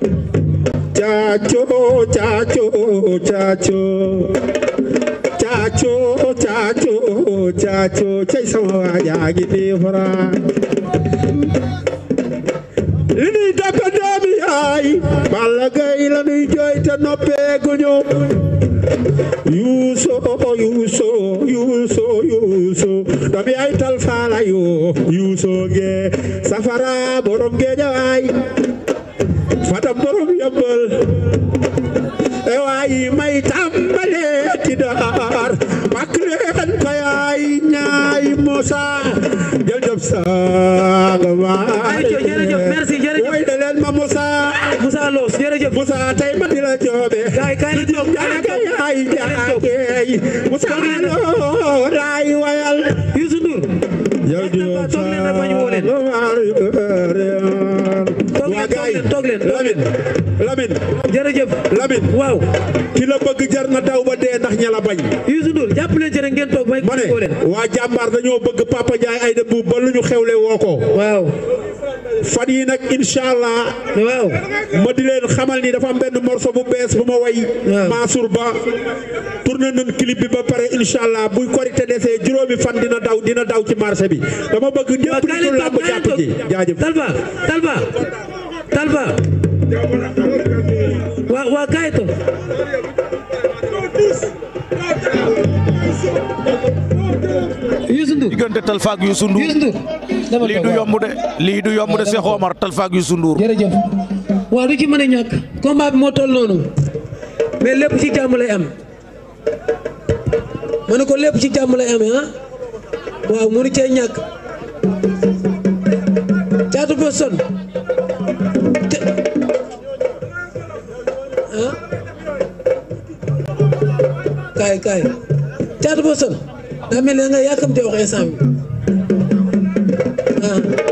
Chacho, chacho, chacho. Chacho, chacho, chacho. Chai sama ya gidi hora. Ini dapat dami ai. Malagay la ni joy ta no pegunyo. Yuso, yuso, yuso, yuso. Dami ai tal fala yo. Yuso ge. Safara borom ge jawai. fatam borom yambal e waayi may tambale ti daar mak leen fayaay ñaay mosa jërëjëf sanga waay jërëjëf merci jërëjëf way da leen ma mosa mosa los jërëjëf mosa tay ma dila joobe kay kay joob jaay jaay musa lo raay wayal leen waa gaay toog leen Lamine Lamine jërëjëf Lamine waaw ki la bëgg jar na taw ba dee ndax ña a bañ Youssou Ndour jàpp leen jërë ngeen toog waaye ma ne waa jàmbaar dañoo bëgg Papa Ndiaye ay de bu ba ñu xewle woo ko waaw fan yi nag incha allah. waaw ma di leen xamal ni dafa am benn morceau bu bees bu ma way. Mansour Ba. tourné nañ clip bi ba pare incha allah buy korité desee juróomi fan dina daw dina daw ci marché bi dama bëgg ñëpp di ñu làmb jàpp ci jaajëf. Talba waa waa kaay to Youssou lii du yomb de lii du yomb de Cheikh Omar Talfa ak Youssou waaw du ci mën a ñàkk combat bi moo toll noonu mais lépp ci jàmm lay am ma ko lépp ci jàmm lay amee ah waaw mënu cee ñàkk caatu Boston ah kaay kaay caatu Boston daa mel ne nga 嗯。